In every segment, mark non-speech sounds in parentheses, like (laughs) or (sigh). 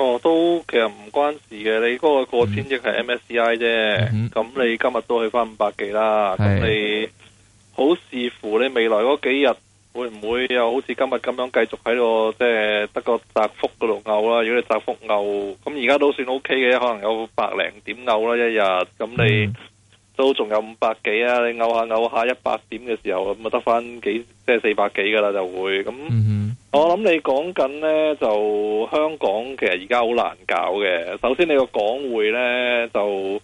哦，都其實唔關事嘅。你嗰個過千億係 MSCI 啫，咁、嗯、你今日都去翻五百幾啦。咁你好視乎你未來嗰幾日會唔會又好似今日咁樣繼續喺度、這個，即係得個窄幅度拗啦。如果你窄幅拗，咁而家都算 OK 嘅，可能有百零點拗啦一日。咁你都仲有五百幾啊？你拗下拗下，一百點嘅時候咁啊，得翻幾即係四百幾噶啦就會咁。我諗你講緊呢，就香港其實而家好難搞嘅。首先你個港匯呢，就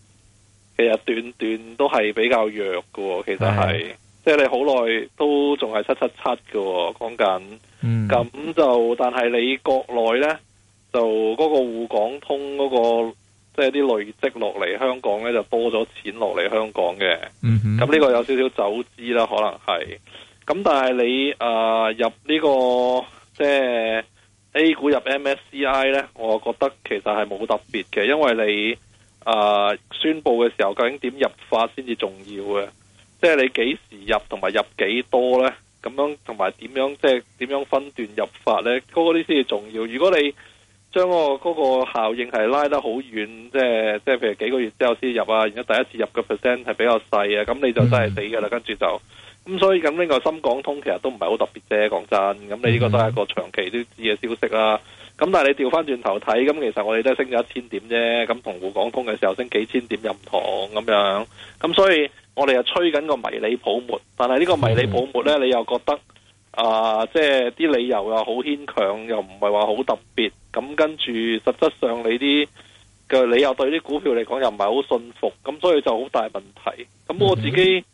其實段段都係比較弱喎、哦。其實係，即係、就是、你好耐都仲係七七七喎、哦。講緊，咁、嗯、就但係你國內呢，就嗰、那個滬港通嗰、那個，即係啲累積落嚟，香港呢，就多咗錢落嚟香港嘅。咁、嗯、呢個有少少走資啦，可能係。咁但係你誒、呃、入呢、這個。即係 A 股入 MSCI 呢，我覺得其實係冇特別嘅，因為你呃宣布嘅時候究竟點入法先至重要嘅，即係你幾時入同埋入幾多呢？咁樣同埋點樣即係點樣分段入法呢？嗰啲先至重要。如果你將個嗰個效應係拉得好遠，即係即係譬如幾個月之後先入啊，然之後第一次入嘅 percent 係比較細啊，咁你就真係死噶啦、嗯嗯，跟住就。咁、嗯、所以咁呢個深港通其實都唔係好特別啫，講真。咁你呢個都係一個長期都知嘅消息啦。咁但係你調翻轉頭睇，咁其實我哋都係升咗一千點啫。咁同滬港通嘅時候升幾千點又唔同咁樣。咁所以我哋又吹緊個迷你泡沫，但係呢個迷你泡沫咧，你又覺得啊、呃，即係啲理由又好牽強，又唔係話好特別。咁跟住實質上你啲嘅你又對啲股票嚟講又唔係好信服，咁所以就好大問題。咁我自己。嗯嗯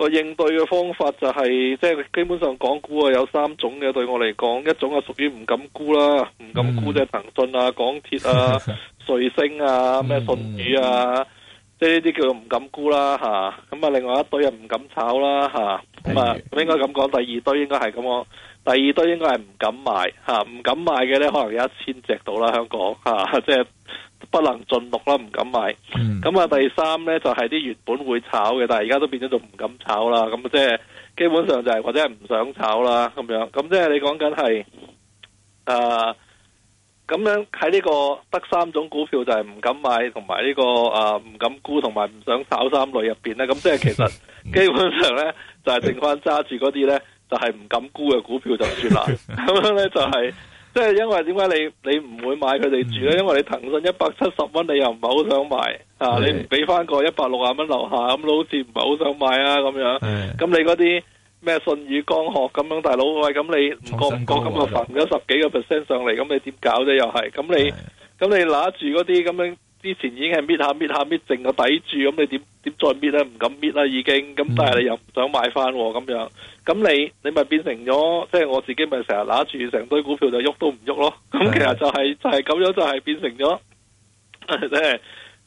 個應對嘅方法就係、是，即、就、係、是、基本上港股啊，有三種嘅對我嚟講，一種係屬於唔敢估啦，唔敢估即係騰訊啊、港鐵啊、 (laughs) 瑞星啊、咩信宇啊，嗯、即係呢啲叫做唔敢估啦吓。咁啊、嗯，另外一堆又唔敢炒啦吓。咁啊，嗯、應該咁講，第二堆應該係咁講，第二堆應該係唔敢賣吓，唔、啊、敢賣嘅咧，可能有一千隻到啦香港吓，即、啊、係。就是不能盡錄啦，唔敢買。咁啊，第三呢，就係、是、啲原本會炒嘅，但係而家都變咗就唔敢炒啦。咁即係基本上就係或者係唔想炒啦咁樣。咁即係你講緊係啊咁樣，喺呢個得三種股票就係唔敢買同埋呢個啊唔、呃、敢沽同埋唔想炒三類入邊呢。咁即係其實基本上呢，就係、是、剩翻揸住嗰啲呢，就係唔敢沽嘅股票就算啦。咁樣呢，就係。即係因為點解你你唔會買佢哋住咧、嗯？因為你騰訊一百七十蚊，你又唔係好想買啊？你俾翻個一百六十蚊樓下咁，好似唔係好想買啊咁樣。咁你嗰啲咩舜宇光學咁樣，大佬喂，咁你唔覺唔覺咁啊，浮咗十幾個 percent 上嚟，咁你點搞啫？又係咁你咁你拿住嗰啲咁樣。之前已經係搣下搣下搣剩個底住，咁你點點再搣啊？唔敢搣啦，已經咁。但係你又唔想買翻喎，咁樣咁你你咪變成咗，即係我自己咪成日攬住成堆股票就喐都唔喐咯。咁其實就係就係咁樣，就係變成咗。即係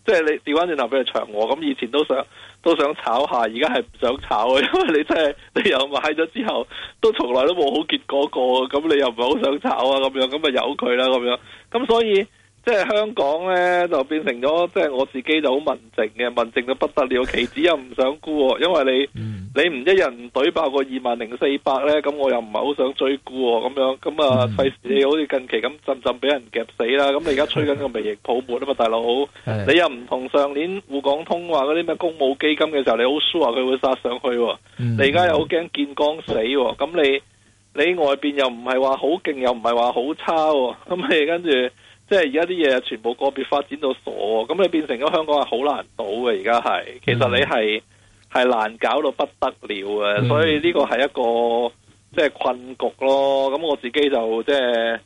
即係你調翻轉頭俾佢長和。咁，以前都想都想炒下，而家係唔想炒啊，因為你真係你又買咗之後，都從來都冇好結果過，咁你又唔係好想炒啊，咁樣咁咪由佢啦，咁樣咁所以。即係香港呢，就變成咗即係我自己就好文靜嘅，文靜到不得了。期指又唔想沽、哦，因為你、嗯、你唔一人懟爆個二萬零四百呢，咁我又唔係好想追沽咁、哦、樣咁啊！費事你好似近期咁陣陣俾人夾死啦。咁你而家吹緊個微型泡沫啊嘛，大佬你又唔同上年滬港通話嗰啲咩公募基金嘅時候，你好 sure 佢會殺上去、哦嗯。你而家又好驚見光死咁、哦，你你外邊又唔係話好勁，又唔係話好差咁、哦，你跟住。即係而家啲嘢全部個別發展到傻，咁你變成咗香港係好難倒嘅。而家係其實你係係難搞到不得了嘅。所以呢個係一個即係困局咯。咁我自己就即係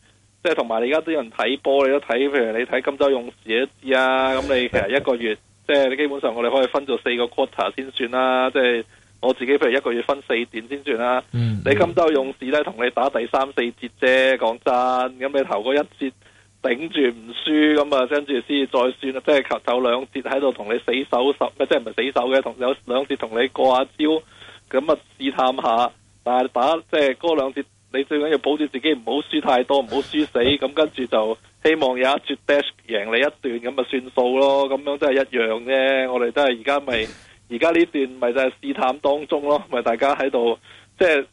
即係同埋你而家啲人睇波，你都睇。譬如你睇金州勇士一啲啊。咁你其實一個月，即係你基本上我哋可以分做四個 quarter 先算啦。即係我自己譬如一個月分四點先算啦。 (laughs) 你金州勇士咧同你打第三、四節啫，講真。咁你頭嗰一節。頂住唔輸咁啊，跟住先至再算啦，即係走兩節喺度同你死守，即係唔係死守嘅，同有兩節同你過下招，咁啊試探下。但係打即係嗰兩節，你最緊要保住自己唔好輸太多，唔好輸死。咁跟住就希望有一絕 dash 贏你一段咁啊算數咯。咁樣都係一樣啫。我哋都係而家咪，而家呢段咪就係試探當中咯。咪大家喺度即係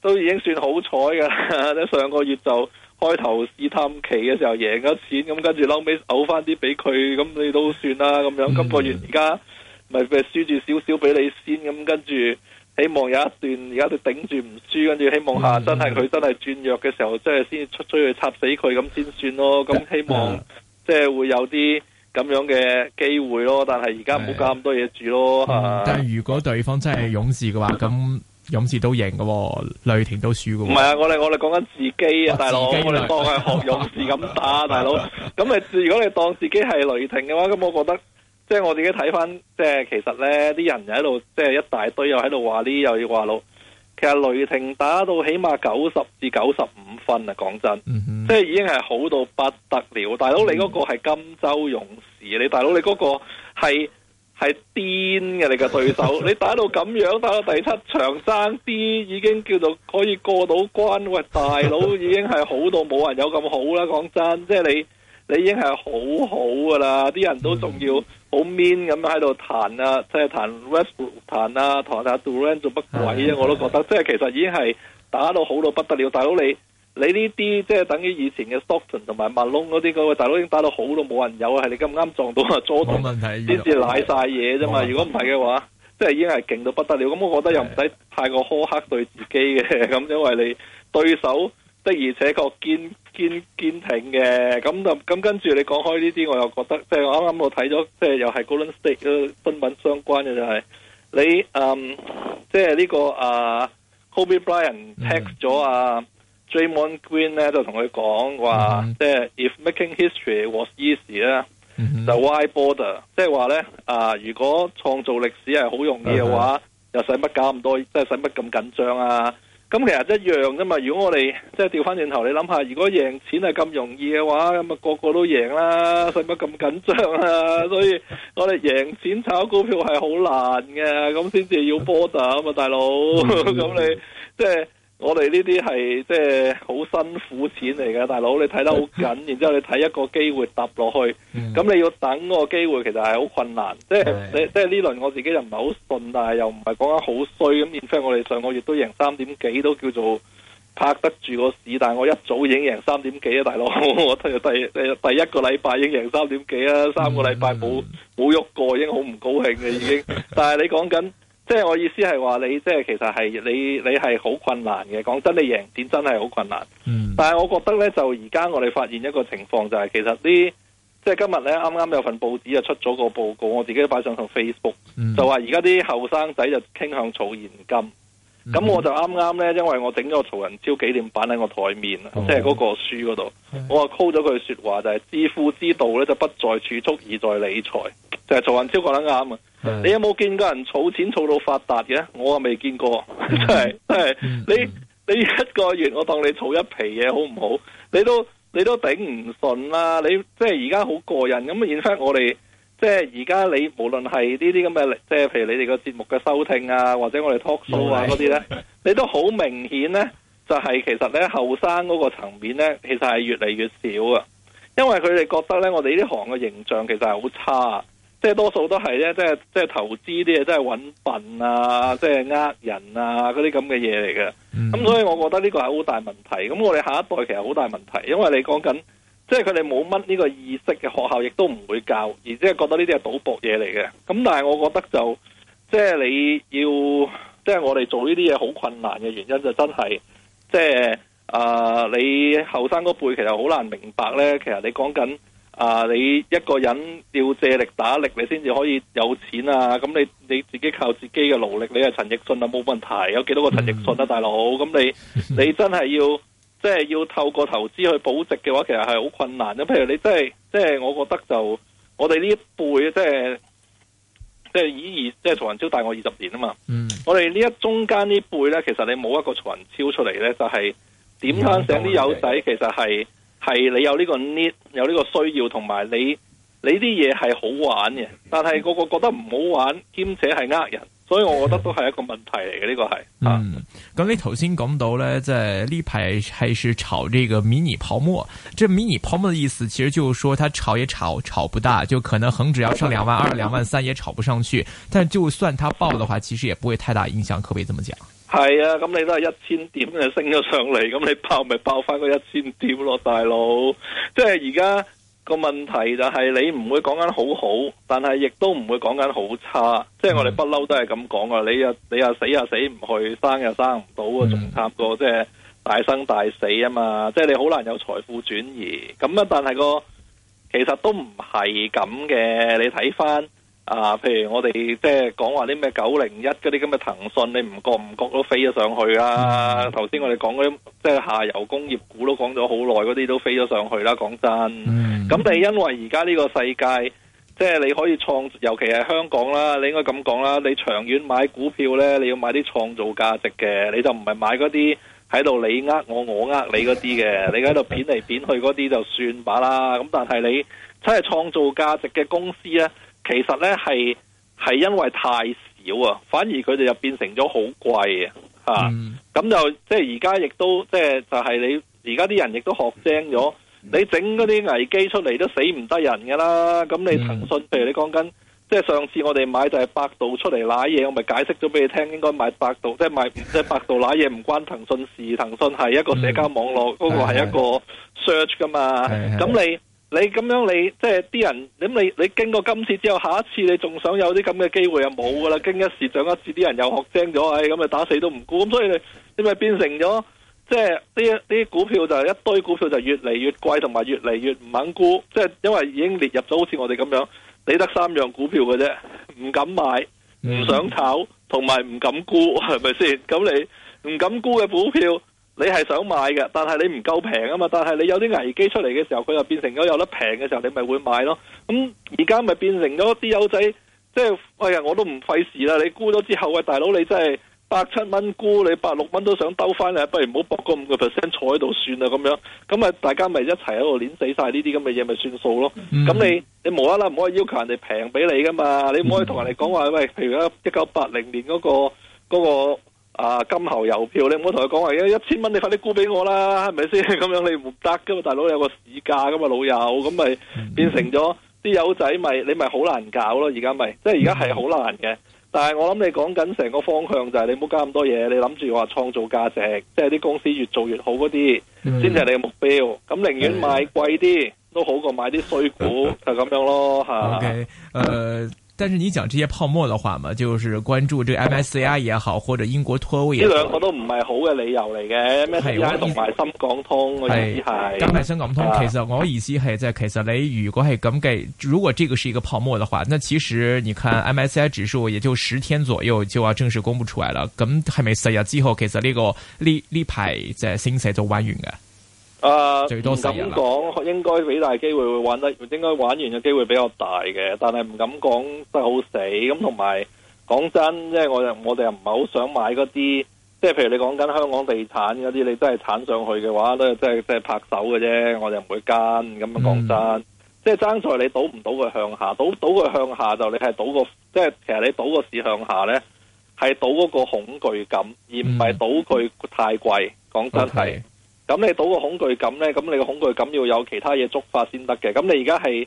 都已經算好彩㗎。即上個月就。開頭試探期嘅時候贏咗錢，咁跟住後尾嘔翻啲俾佢，咁你都算啦咁樣。今、嗯那個月而家咪輸住少少俾你先，咁跟住希望有一段而家都頂住唔輸，跟住希望下真係佢真係轉弱嘅時候，真係先出出去插死佢咁先算咯。咁希望即係會有啲咁樣嘅機會咯。但係而家唔好搞咁多嘢住咯、嗯、但係如果對方真係勇士嘅話，咁。勇士都贏嘅，雷霆都輸嘅。唔係啊，我哋我哋講緊自己啊，大佬，我哋當係學勇士咁打， (laughs) 大佬。咁你，如果你當自己係雷霆嘅話，咁我覺得，即係我自己睇翻，即係其實咧，啲人又喺度，即係一大堆又喺度話呢，又要話老。其實雷霆打到起碼九十至九十五分啊，講真，即係已經係好到不得了。大佬，你嗰個係金州勇士，你大佬，你嗰個係。係癲嘅你個對手， (laughs) 你打到咁樣，打到第七場，三 D 已經叫做可以過到關。喂，大佬 (laughs) 已經係好到冇人有咁好啦！講真，即係你你已經係好好噶啦，啲、嗯、人都仲要好 mean 咁喺度彈啊，即、就、係、是、彈 West，彈啊，彈下、啊、Durant 做乜鬼啊？ (laughs) 我都覺得， (laughs) 即係其實已經係打到好到不得了，大佬你。你呢啲即係等於以前嘅 Stockton 同埋 Malone 嗰啲，個大佬已經打到好到冇人有啊！係你咁啱撞到啊，Jordan，先至賴晒嘢啫嘛。如果唔係嘅話，即係已經係勁到不得了。咁我覺得又唔使太過苛刻對自己嘅咁，因為你對手的而且確堅堅堅挺嘅咁，就咁跟住你講開呢啲，我又覺得即係啱啱我睇咗，即係又係 Golden State 新聞相關嘅就係、是、你嗯，即係呢、呢個啊，Kobe Bryant text 咗啊。嗯 Draymond Green 咧就同佢講話，mm-hmm. 即係 If making history was easy 咧，就 why bother？即係話咧啊，如果創造歷史係好容易嘅話，mm-hmm. 又使乜搞咁多？即係使乜咁緊張啊？咁其實一樣啫嘛。如果我哋即係調翻轉頭，你諗下，如果贏錢係咁容易嘅話，咁、那、啊個個都贏啦，使乜咁緊張啊？ (laughs) 所以我哋贏錢炒股票係好難嘅，咁先至要 bother 啊嘛，大佬。咁、mm-hmm. (laughs) 你即係。我哋呢啲係即係好辛苦錢嚟嘅，大佬你睇得好緊， (laughs) 然之後你睇一個機會搭落去，咁 (laughs) 你要等個機會其實係好困難，即係 (laughs) 即係呢輪我自己又唔係好順，但係又唔係講得好衰咁。相反，我哋上個月都贏三點幾，都叫做拍得住個市，但係我一早已經贏三點幾啊，大佬，我睇第第一個禮拜已經贏三點幾啊，三個禮拜冇冇喐過已經好唔高興嘅已經，但係你講緊。即係我意思係話你即係其實係你你係好困難嘅，講真你贏點真係好困難。嗯，但係我覺得咧，就而家我哋發現一個情況就係其實啲即係今日咧，啱啱有份報紙就出咗個報告，我自己都擺上上 Facebook，就話而家啲後生仔就傾向儲現金。咁我就啱啱咧，因為我整咗個曹仁超紀念版喺我台面，哦、即係嗰個書嗰度，我話抄咗句說話就係、是、致富之道咧，就不在儲蓄而在理財，就係、是、曹仁超講得啱啊。你有冇見過人儲錢儲到發達嘅？我又未見過，真係真係你你一個月我當你儲一皮嘢，好唔好？你都你都頂唔順啦。你即係而家好過癮咁，變翻我哋。即係而家你無論係呢啲咁嘅，即係譬如你哋個節目嘅收聽啊，或者我哋 talk show 啊嗰啲咧，你都好明顯咧，就係、是、其實咧後生嗰個層面咧，其實係越嚟越少啊。因為佢哋覺得咧，我哋呢行嘅形象其實係好差，即係多數都係咧，即係即係投資啲嘢，即係搵笨啊，即係呃人啊，嗰啲咁嘅嘢嚟嘅。咁、mm-hmm. 所以我覺得呢個係好大問題。咁我哋下一代其實好大問題，因為你講緊。即係佢哋冇乜呢個意識嘅學校，亦都唔會教，而即係覺得呢啲係賭博嘢嚟嘅。咁但係我覺得就，即係你要，即係我哋做呢啲嘢好困難嘅原因就真係，即係啊、呃、你後生嗰輩其實好難明白咧。其實你講緊啊，你一個人要借力打力，你先至可以有錢啊。咁你你自己靠自己嘅勞力，你係陳奕迅啊冇問題。有幾多個陳奕迅啊？ (laughs) 大佬？咁你你真係要。即係要透過投資去保值嘅話，其實係好困難的。咁譬如你即係即係，即係、我覺得就我哋呢一輩、即係，即係即係以二，即係曹仁超大我二十年啊嘛。嗯，我哋呢一中間呢輩咧，其實你冇一個曹仁超出嚟咧，就係點撐醒啲友仔。其實係係你有呢個 need，有呢個需要，同埋你你啲嘢係好玩嘅，但係個個覺得唔好玩，兼且係呃人。所以我覺得都係一個問題嚟嘅，呢個係。嗯，咁你頭先講到呢，即係呢排係是炒呢個迷你泡沫。即係迷你泡沫嘅意思，其實就係說，佢炒也炒，炒不大，就可能恒指要上兩萬二、兩萬三也炒不上去。但就算佢爆嘅話，其實也不會太大影響，可唔可以咁講？係啊，咁你都係一千點升咗上嚟，咁你爆咪爆翻個一千點咯，大佬。即係而家。個問題就係你唔會講緊好好，但係亦都唔會講緊好差。即、嗯、係、就是、我哋不嬲都係咁講噶，你啊你又死又死唔去，生又生唔到啊，仲慘過即係大生大死啊嘛！即、就、係、是、你好難有財富轉移咁啊。但係個其實都唔係咁嘅。你睇翻啊，譬如我哋即係講話啲咩九零一嗰啲咁嘅騰訊，你唔覺唔覺都飛咗上去啊。頭、嗯、先我哋講嗰啲即係下游工業股都講咗好耐，嗰啲都飛咗上去啦，啊。講真。嗯咁但因為而家呢個世界，即係你可以創，尤其係香港啦，你應該咁講啦。你長遠買股票呢，你要買啲創造價值嘅，你就唔係買嗰啲喺度你呃我，我呃你嗰啲嘅。你喺度扁嚟扁去嗰啲就算罷啦。咁但係你真係創造價值嘅公司呢，其實呢係係因為太少啊，反而佢哋就變成咗好貴、嗯、啊。咁就即係而家亦都即係就係你而家啲人亦都學精咗。你整嗰啲危機出嚟都死唔得人噶啦，咁你騰訊，譬如你講緊，即係上次我哋買就係百度出嚟瀨嘢，我咪解釋咗俾你聽，應該買百度，即係買即係百度瀨嘢唔關騰訊事，騰訊係一個社交網絡，嗰、嗯嗰個係一個 search 噶嘛。咁、嗯、你你咁樣你即係啲人，咁你你經過今次之後，下一次你仲想有啲咁嘅機會又冇噶啦，經一事長一次，啲人又學精咗，咁、哎、咪打死都唔沽，咁所以你你咪變成咗。即係呢啲股票就係一堆股票就越嚟越貴，同埋越嚟越唔肯沽，即係因為已經列入咗，好似我哋咁樣，你得三樣股票嘅啫，唔敢買，唔想炒，同埋唔敢沽，係咪先？咁你唔敢沽嘅股票，你係想買嘅，但係你唔夠平啊嘛。但係你有啲危機出嚟嘅時候，佢又變成咗有得平嘅時候，你咪會買咯。咁而家咪變成咗啲友仔，即係哎呀，我都唔費事啦。你沽咗之後，喂大佬，你真係。百七蚊沽你，百六蚊都想兜翻嚟，不如唔好博個五個 percent 坐喺度算啦咁樣，咁咪大家咪一齊喺度碾死晒呢啲咁嘅嘢，咪算數咯。咁、mm-hmm. 你你無啦啦唔可以要求人哋平俾你噶嘛，你唔可以同人哋講話喂，譬如一九八零年嗰、嗰個、嗰個啊金猴郵票，你唔好同佢講話一一千蚊，你快啲沽俾我啦，係咪先？咁樣，你唔得噶嘛，大佬有個市價噶嘛老友，咁咪變成咗啲友仔咪你咪好難搞咯，而家咪即係而家係好難嘅。但係我諗你講緊成個方向就係你唔好加咁多嘢，你諗住話創造價值，即係啲公司越做越好嗰啲，先至係你嘅目標。咁寧願買貴啲都好過買啲衰股， (laughs) 就咁樣咯吓。誒 (laughs) ，okay,Uh... 但是你講這些泡沫的話嘛，就是關注這 MSCI 也好，或者英國脱歐也好。這兩個都唔係好嘅理由嚟嘅，MSCI 同埋深港通我意思係。講埋深港通其 a 我意思係在 c 其 s 你如果係咁計，如果這個是一個泡沫嘅話，那其實你看 MSCI 指數也就十天左右就要正式公布出嚟了，咁還咪十日之後其 a 呢 e 呢個利利派在新就做完運嘅。啊、呃！咁講講，應該俾大機會，會玩得應該玩完嘅機會比較大嘅。但係唔敢講真好死咁。同埋講真，即係我哋我哋又唔係好想買嗰啲，即係譬如你講緊香港地產嗰啲，你真係鏟上去嘅話都係即係即係拍手嘅啫。我就唔會跟。咁樣講真、嗯。即係爭在你賭唔賭佢向下，賭賭佢向下就你係賭個，即係其實你賭個市向下咧，係賭嗰個恐懼感，而唔係賭佢太貴。講、嗯、真係。Okay. 咁你到個恐懼感呢，咁你個恐懼感要有其他嘢觸發先得嘅。咁你而家係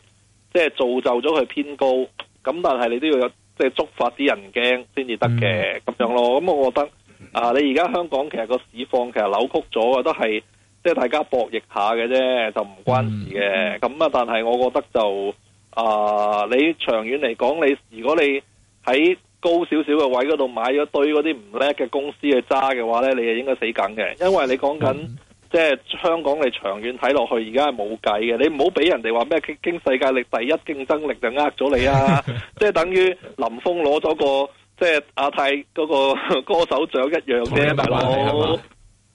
即係造就咗佢偏高，咁但係你都要有即係觸發啲人驚先至得嘅咁樣咯。咁我覺得啊，你而家香港其實個市況其實扭曲咗嘅，都係即係大家博弈下嘅啫，就唔關事嘅。咁、嗯、啊，但係我覺得就啊，你長遠嚟講，你如果你喺高少少嘅位嗰度買咗堆嗰啲唔叻嘅公司去揸嘅話呢，你係應該死梗嘅，因為你講緊。嗯即係香港你長遠睇落去，你長遠睇落去，而家係冇計嘅。你唔好俾人哋話咩經世界力第一競爭力就呃咗你啊！ (laughs) 即係等於林峯攞咗個即係阿泰嗰個歌手獎一樣啫， (laughs) 大佬哥。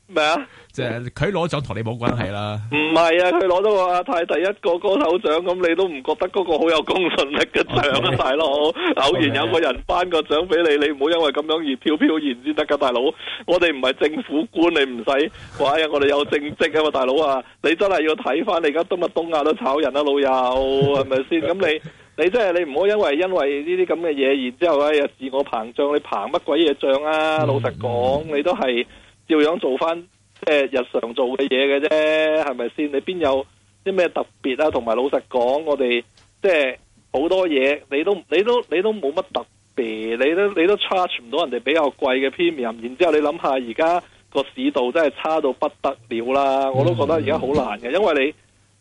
咩 (laughs) 大哥 (laughs) 啊？佢攞咗，同你冇關係啦。唔係啊，佢攞咗個阿泰第一個歌手獎，咁你都唔覺得嗰個好有公信力嘅獎啊，okay。大佬？偶然有人頒個人頒個獎俾你，你唔好因為咁樣而飄飄然先得噶，大佬。我哋唔係政府官，你唔使話呀。我哋有正職啊，嘛，大佬啊，你真係要睇翻。你而家東乜東亞都炒人啊，老友係咪先？咁 (laughs) 你你真係你唔好因為因為呢啲咁嘅嘢，然之後咧又自我膨脹，你膨乜鬼嘢脹啊嗯嗯？老實講，你都係照樣做翻。即係日常做嘅嘢嘅啫，係咪先？你邊有啲咩特別啊？同埋老實講，我哋即係好多嘢，你都你都你都冇乜特別，你都，你都，你都你都 charge 唔到人哋比較貴嘅 premium。然之後你諗下，而家個市道真係差到不得了啦，我都覺得而家好難嘅，因為你。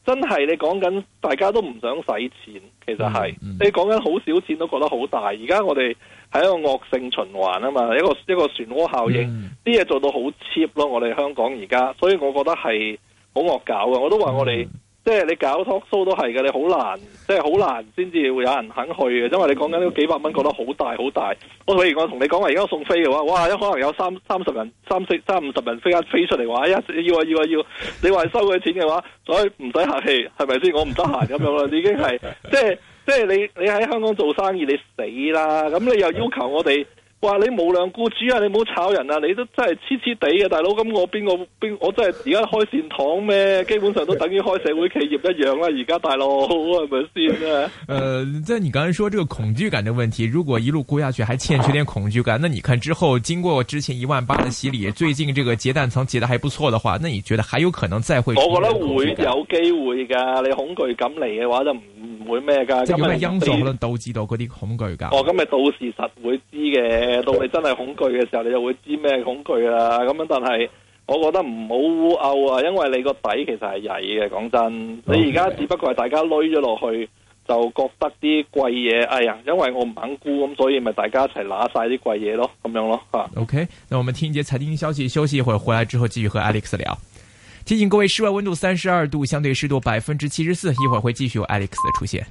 真係你講緊，大家都唔想使錢，其實係、嗯嗯、你講緊好少錢都覺得好大。而家我哋係一個惡性循環啊嘛，一個一個漩渦效應，啲、嗯、嘢，做到好 cheap 咯。我哋香港而家，所以我覺得係好惡搞嘅。我都話我哋。嗯嗯即係你搞 talk show 都係嘅，你好難，即係好難先至會有人肯去嘅，因為你講緊呢幾百蚊覺得好大好大。我譬如我同你講話而家送飛嘅話，哇，一可能有三三十人，三四三五十人飛間飛出嚟話，哎呀要啊要啊要，要！你話收佢錢嘅話，所以唔使客氣，係咪先？我唔得閒咁樣啦， (laughs) 已經係即係即係你你喺香港做生意，你死啦！咁你又要求我哋？哇，你無良雇主啊！你唔好炒人啊！你都真係黐黐地嘅，大佬咁，我邊個邊，我真係而家開善堂咩？基本上都等於開社會企業一樣啦、啊！而家大佬係咪先啊？誒、 (laughs) 呃，即係你剛才說這個恐懼感的問題，如果一路估下去還欠缺點恐懼感，那你看之後經過之前一萬八的洗禮，最近這個結彈層結得還不錯的話，那你覺得還有可能再會？我覺得會有機會噶，你恐懼感嚟嘅話就唔。會咩噶？即係咩因素可能導致到嗰啲恐懼噶？哦，咁咪到時實會知嘅。到你真係恐懼嘅時候，你就會知咩恐懼啦。咁樣，但係我覺得唔好烏鷗啊，因為你個底其實係曳嘅。講真，你而家只不過係大家累咗落去，就覺得啲貴嘢，哎呀，因為我唔肯沽，咁所以咪大家一齊拿晒啲貴嘢咯，咁樣咯吓。OK，咁我哋聽一節財經消息，休息一會，回來之後繼續和 Alex 聊。提醒各位，室外溫度三十二度，相對濕度百分之七十四。一會兒會繼續有 Alex 的出現。